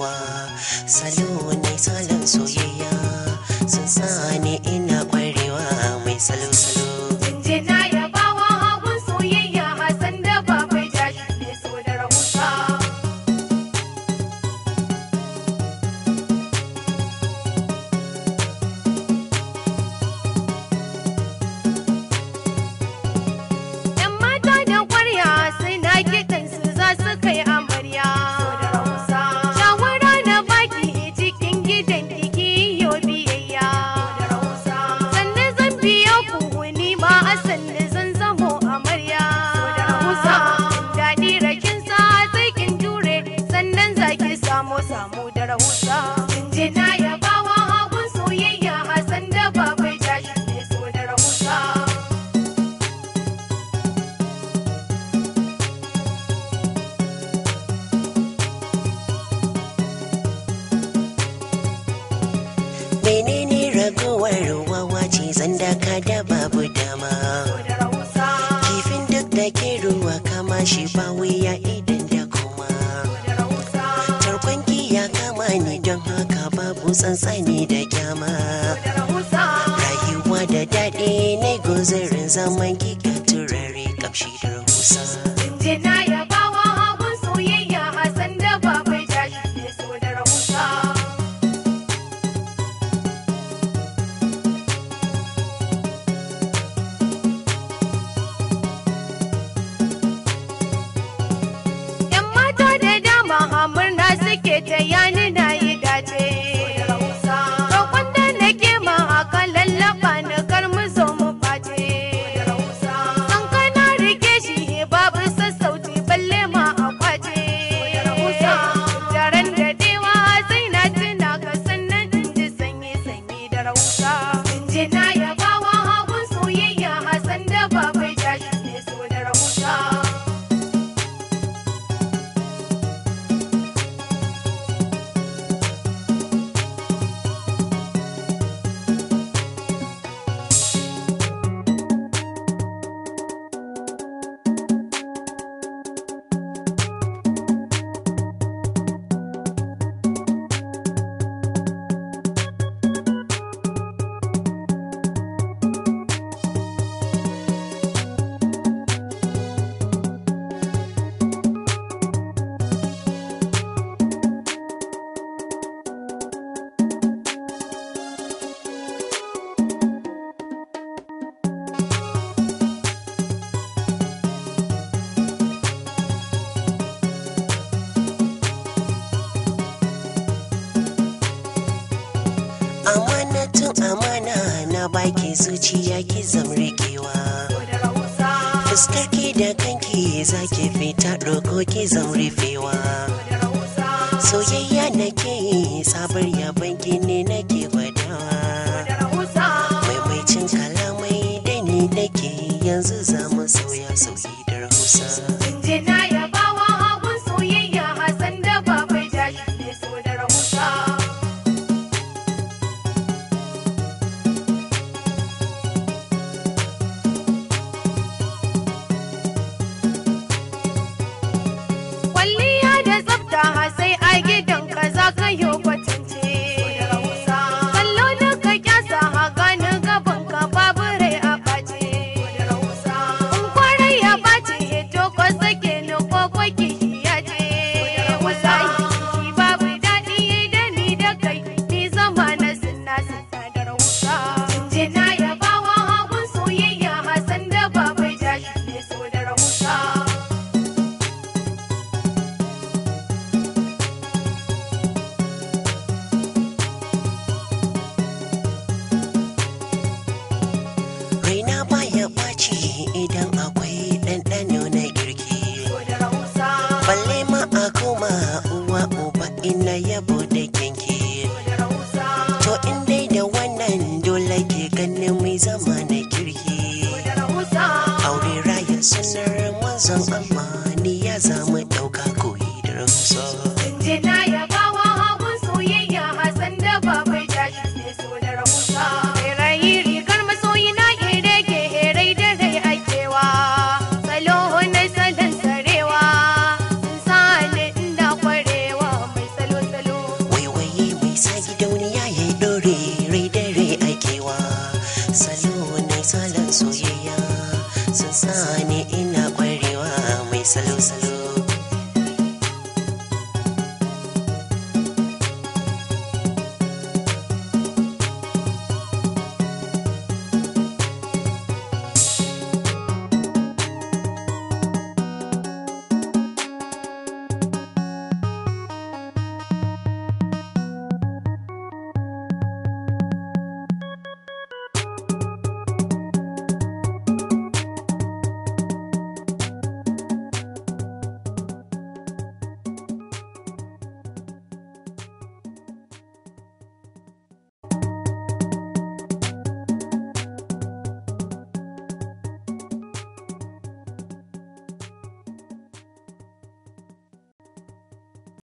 wa salo ne salon soyayya menene ragowar wawa ce zanda ka da babu dama kifin duk da ke ruwa kama shi ba wuya idan da kuma tarkwanki ya kama ni don haka babu tsantsani da kyama rayuwa da daɗi ne gozirin zaman kika turare kamshi da rahusa day. zuciya ki zamrikewa fuska ki da kanki za ki fita doko ki zamrifewa soyayya na ke sabar yaban ki ne na ɗanɗano na girki balle ma a koma uwa uba ina yabo da kinki to in dai da wannan dole ke ganin mai zama na kirki aure rayin sunar manzon Allah Salut.